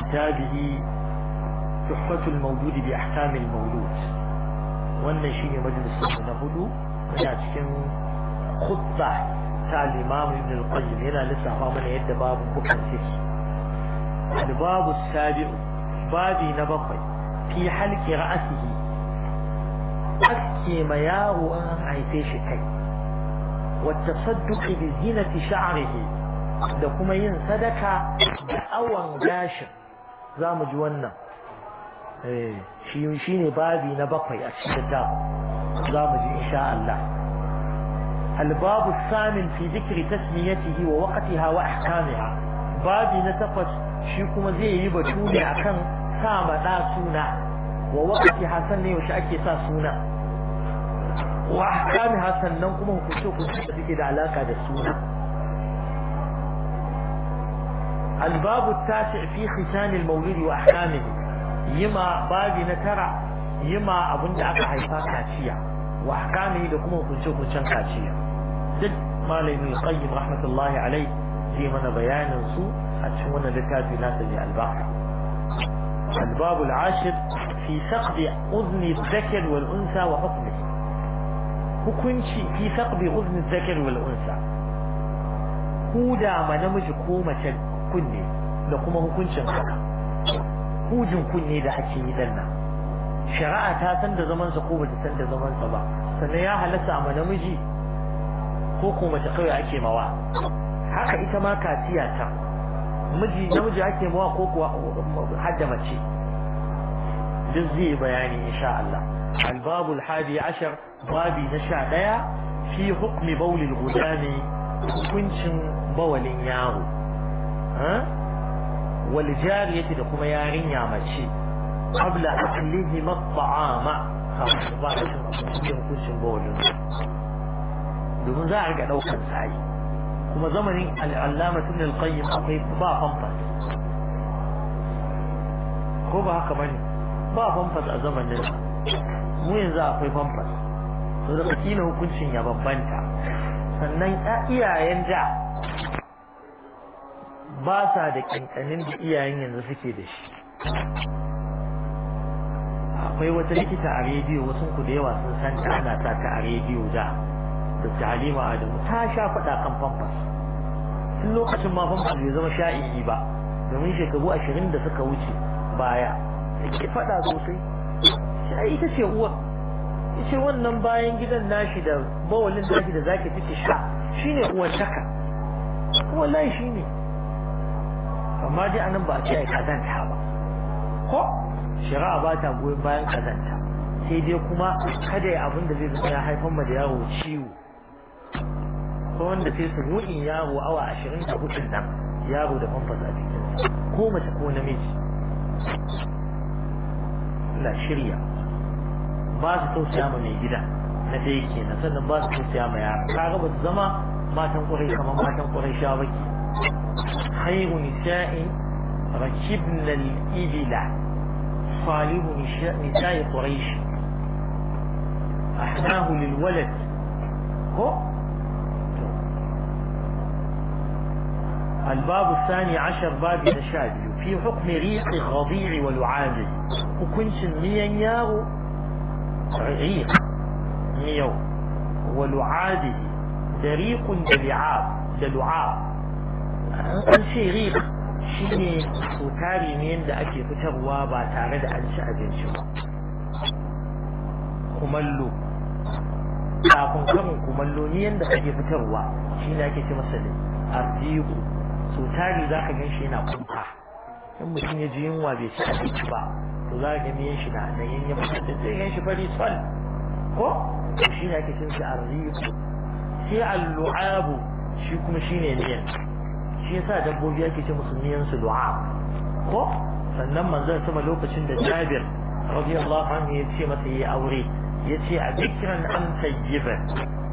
كتابه تحفة المولود بأحكام المولود والنشين مجلس المنهد ولكن خطة تعليمام ابن القيم هنا لسه فامنا يد باب بكر فيه الباب السابع بابي نبقي في حلق رأسه أكي مياه وان عيتيش كي والتصدق بزينة شعره لكم ينصدك بأوان جاشر za mu ji wannan eh shi ne babi na bakwai a cikin littafin za mu ji insha Allah fi الثامن tasmiyatihi wa waqtiha wa ahkamiha babi na tafas shi kuma zai yi batu ne akan sa ma da suna wa waqti hasan ne yaushe ake sa suna wa ahkamiha sannan kuma hukunci hukunci da suke da alaka da suna الباب التاسع في ختان المولود وأحكامه يما بابي نترى يما أبن دعك حيفا كاتشيا وأحكامه لكم كنشو كنشان كاتشيا دل ما لين القيم رحمة الله عليه في من بيان سوء أتشونا لكاتب لا الباب الباب العاشر في ثقب أذن الذكر والأنثى وحكمه hukunci fi saqbi uzni zakar wal unsa huda ma namiji ko mace kunne da kuma hukuncin ka hujin kunne da ake yi dan nan shari'a ta san da zaman sa ko ba ta san da zaman sa ba sannan ya halatta a namiji ko ko mace kawai ake mawa haka ita ma kasiya ta miji namiji ake mawa ko kuwa hadda mace duk zai bayani insha Allah الباب ashar babi na sha ديا fi hukmi بول الغلام hukuncin bawalin yaro والجارية لكم يا رين يا مشي قبل أكلهم الطعام خلاص بعد شو نقول كل شيء بقوله دون زعج أنا وكان سعي كم زمني العلامة ابن القيم أقيم با فمطت هو بها كمان با فمطت أزمن لنا مو ينزع في فمطت فرقتينه كل شيء يا بمبانتا سنين أئيا آه، ينجع ba sa da kankanin da iyayen yanzu suke da shi akwai wata likita a rediyo wasu ku da yawa sun san ta ana sa ta a rediyo da da halima adamu ta sha faɗa kan famfas tun lokacin ma famfas bai zama sha'i'i ba domin shekaru ashirin da suka wuce baya ke faɗa sosai sha'i ita ce uwa ita wannan bayan gidan nashi da bawalin nashi da zaki take sha shine uwar taka wallahi shine amma dai anan ba a ce ai kazanta ba ko shari'a ba ta goyon bayan kazanta sai dai kuma kada ya abin da zai zama ya haifar ma da yawo ciwo ko wanda sai su ruɗin yaro awa ashirin da hutun nan yaro da famfas a ko mace ko namiji na shirya ba su tausaya ma mai gida na dai kenan sannan ba su tausaya ma yara ka ga ba zama matan ƙwarai kamar matan ƙwarai shabaki خير نساء ركبنا الإبل صالب نساء قريش أحناه للولد هو الباب الثاني عشر باب تشابه في حكم ريق الغضيع والعادل وكنت ميان يارو ريق ميو ولعاده دريق دلعاب دلعاب an ce riba shi ne tari ne yadda ake fitarwa ba tare da an ci abinci ba kumallo kafin karin kumallo ni yadda ake fitarwa shi ne ake ce masa da arziku tari za ka gan shi yana kumfa in mutum ya ji yunwa bai ci abinci ba to za ka gani yin shi na hannayen yanyan mutum da zai gan shi fari sol ko shi ne ake cin shi arziku sai allu'abu shi kuma shi ne miyan shi yasa dabbobi ake ce musulmiyan su du'a ko sannan manzo sama lokacin da Jabir radiyallahu anhu ya ce masa yi aure ya ce a bikiran an tayyiba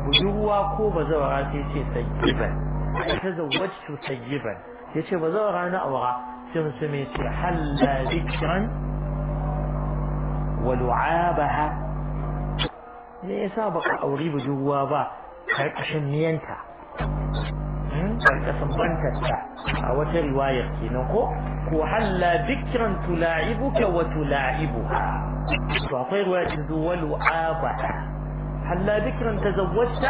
budurwa ko bazawara sai ce tayyiba ai ta zawwatu tayyiba ya ce bazawara na aura sai mutum ya ce halla bikiran wa lu'abaha me yasa baka auri budurwa ba karkashin niyanta بنت بنت أو رواية كينوكو وحلى ذكرا تلاعبك وتلاعبها تعطي رواية ولعابها حلى ذكرا تزوجت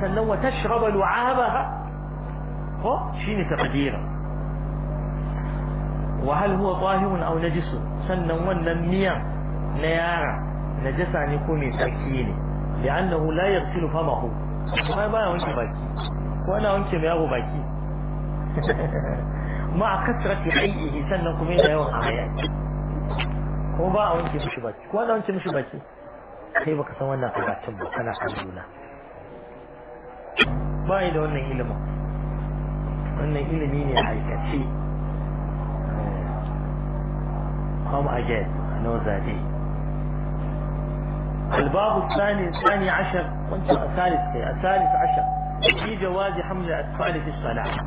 سنة وتشرب لعابها شين تقديرا وهل هو طاهر أو نجس سنة ونميا نيارا أن يكون سكين لأنه لا يغسل فمه ما يبقى وانت باكي ko ana wanke mai yawo baki ma a kasar kasrati aiki sannan kuma yana yawan amaya ko ba a wanke mishi baki ko wani wanke mishi baki kai baka san wannan karatun ba kana kan juna ba yi da wannan ilimin wannan ilimi ne aikace eh, come again know that day الباب الثاني الثاني عشر الثالث الثالث عشر في جواز حمل الأطفال في الصلاة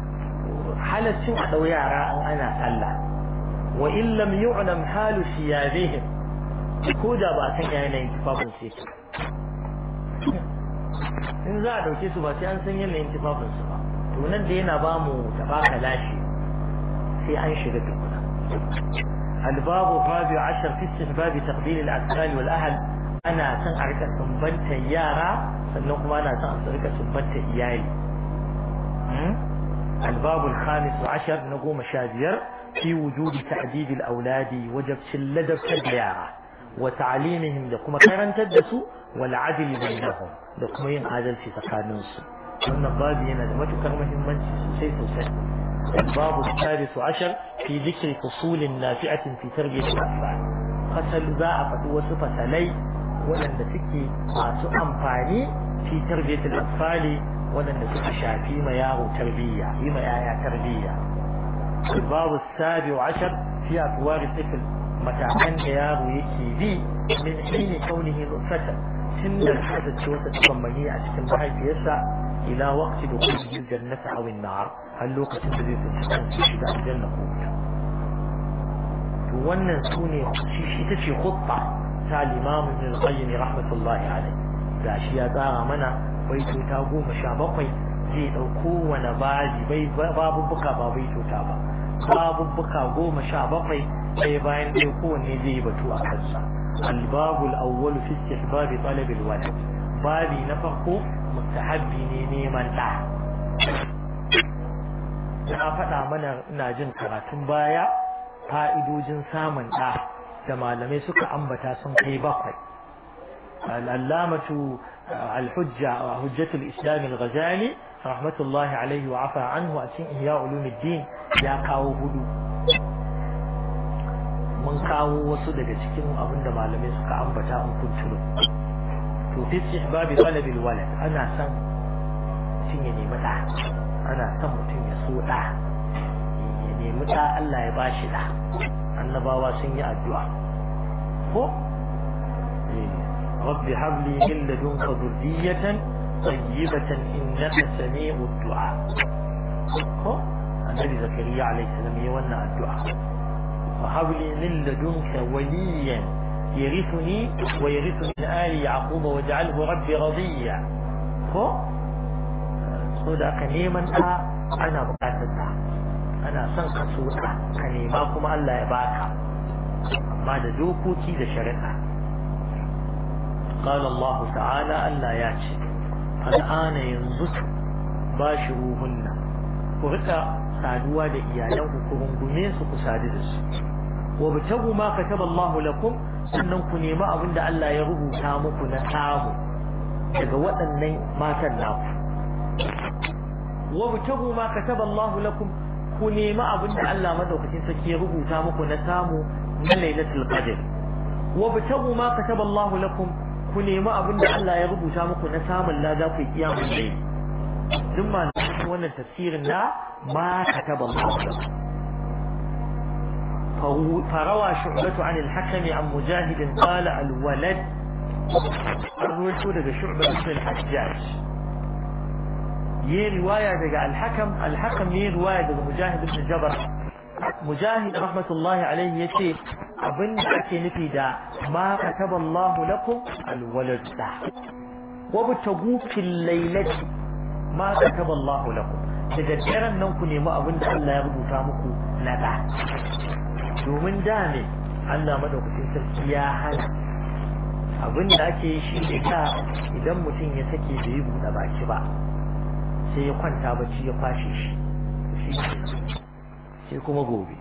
حالة سوء أو أنا صلى وإن لم يعلم حال ثيابهم كودا بأسن يعني انتفاق سيكي إن za a ɗauke su ba sai an san yanayin tufafinsu بامو to nan da yana ba mu الباب الرابع عشر في استحباب تقبيل الأطفال والأهل ana son a rika sumbanta yara sannan kuma ana son a rika sumbanta iyali الباب الخامس عشر نقوم شاذير في وجود تعديد الأولاد وجب شلدب كالديارة وتعليمهم لكم كرن تدسوا والعدل بينهم لكم ين عدل في تقانوس أن الباب ينادمت كرمهم من سيسوسيت الباب الثالث عشر في ذكر فصول نافعة في تربية الأطفال فصل ذا أفت وصفة لي waɗanda suke masu amfani fi tarbiyatul atfali waɗanda suka shafi ma yaro tarbiyya yi ma yaya tarbiyya babu sabi wa ashar fi atwari tifl matakan da yaro yake bi min hini kaunihi nutfatan tun da kasance wata tsammani a cikin mahaifiyarsa ila waqti dukhuli al-jannati aw an-nar har lokacin da zai tsinci shiga aljanna ko to wannan sune shi ita ce khutta ta limam ibn al-qayyim rahmatullahi alayhi gashi ya tsara mana baito ta goma sha bakwai zai dauko wani baji bai babubbuka ba baito ta ba babubbuka goma sha bakwai sai bayan dai kowanne zai yi batu a kansa al-babu al-awwal fi istihbab talab al-walad babi na farko mustahabbi ne neman da na faɗa mana ina jin karatun baya fa'idojin samun ɗa da malamai suka ambata sun kai bakwai al'allamatu al-hujja hujjatul islam al-ghazali rahmatullahi alaihi wa afa anhu a cikin ihya ulumuddin ya kawo hudu mun kawo wasu daga cikin abin da malamai suka ambata an kuntulu to fi istihbabi talabil walad ana son mutum ya nemi ɗa, ana son mutum ya so ɗa. ya muta Allah ya bashi da annabawa sun yi addu'a ko rabbi habli min ladunka dhurriyatan tayyibatan innaka sami'u du'a ko annabi zakariya alayhi salam ya wannan addu'a fa habli min ladunka waliyan يرثني ويرث من آل يعقوب واجعله rabbi رضيا ko ko da ka neman ta ana bukatar ta ana son ka tsotsa ka nema kuma Allah ya baka amma da dokoki da shari'a قال الله تعالى ألا ياتي الآن ينزت باشروهن ورقى saduwa da iyalanku ku rungume su ku sadu da su wa bitagu ma kataba Allahu lakum sannan ku nemi abin da Allah ya rubuta muku na samu daga waɗannan matan naku wa ma ku nemi abin da Allah madaukakin sarki ya rubuta muku na samu na lailatul qadr wa bitabu ma kataba Allah lakum ku nemi abin da Allah ya rubuta muku na samun lada ku kiyamun dai duk ma wannan tafsirin da ma kataba Allah fa lakum فروى شعبة an الحكم qala al-walad الولد daga شعبة al-hajjaj yi riwaya daga alhakam alhakam yi riwaya daga mujahid ibn jabar mujahid rahmatullahi alaihi yace abin da ake nufi da ma kataba Allah lakum alwalad da wa butagu fil lailati ma kataba Allah lakum da daddaren nan ku nema abin da Allah ya rubuta muku na da domin da ne Allah madaukakin sarki ya hana abin da ake yi shi ne ka idan mutum ya sake da yi buɗe baki ba sai ya kwanta bacci ya kwashe shi sai kuma gobe